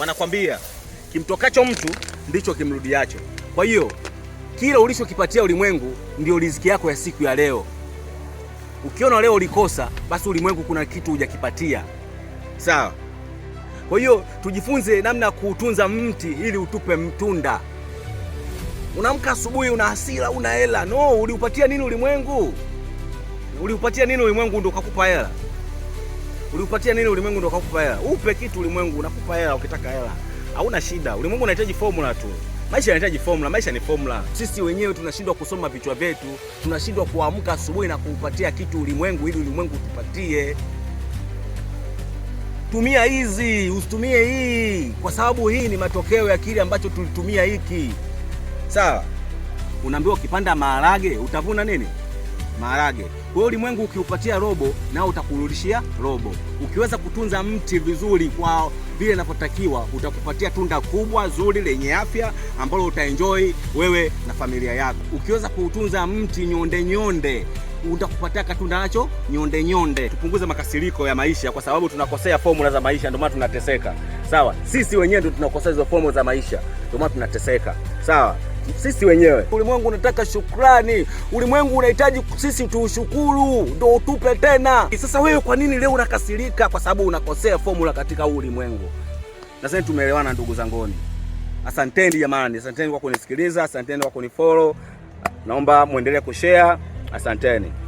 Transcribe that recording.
Wanakwambia kimtokacho mtu ndicho kimrudiacho. Kwa hiyo kile ulichokipatia ulimwengu ndio riziki yako ya siku ya leo. Ukiona leo ulikosa, basi ulimwengu kuna kitu hujakipatia, sawa? Kwa hiyo tujifunze namna ya kuutunza mti ili utupe mtunda. Unaamka asubuhi una hasira, una hela no? Uliupatia nini ulimwengu? Uliupatia nini ulimwengu ndio ukakupa hela? Uliupatia nini ulimwengu ndio kakupa hela? Upe kitu ulimwengu, unakupa hela ukitaka hela. Hauna shida. Ulimwengu unahitaji formula tu. Maisha yanahitaji formula, maisha ni formula. Sisi wenyewe tunashindwa kusoma vichwa vyetu, tunashindwa kuamka asubuhi na kuupatia kitu ulimwengu ili ulimwengu utupatie. Tumia hizi, usitumie hii, kwa sababu hii ni matokeo ya kile ambacho tulitumia hiki. Sawa? Unaambiwa ukipanda maharage utavuna nini? maharage. Kwa hiyo ulimwengu ukiupatia robo, nao utakurudishia robo. Ukiweza kutunza mti vizuri kwa vile inavyotakiwa, utakupatia tunda kubwa zuri lenye afya ambalo utaenjoy wewe na familia yako. Ukiweza kuutunza mti nyonde nyonde utakupatia katunda nacho nyonde nyonde. Tupunguze makasiriko ya maisha, kwa sababu tunakosea formula za maisha, ndio maana tunateseka. Sawa, sisi wenyewe ndio tunakosea hizo formula za maisha, ndio maana tunateseka. Sawa sisi wenyewe. Ulimwengu unataka shukrani, ulimwengu unahitaji sisi tuushukuru, ndo utupe tena. Sasa wewe kwa nini leo unakasirika kwa sababu unakosea formula katika huu ulimwengu? Nasema tumeelewana ndugu zangoni. Asanteni jamani, asanteni kwa kunisikiliza, asanteni kwa kunifollow. Naomba muendelee kushare. Asanteni.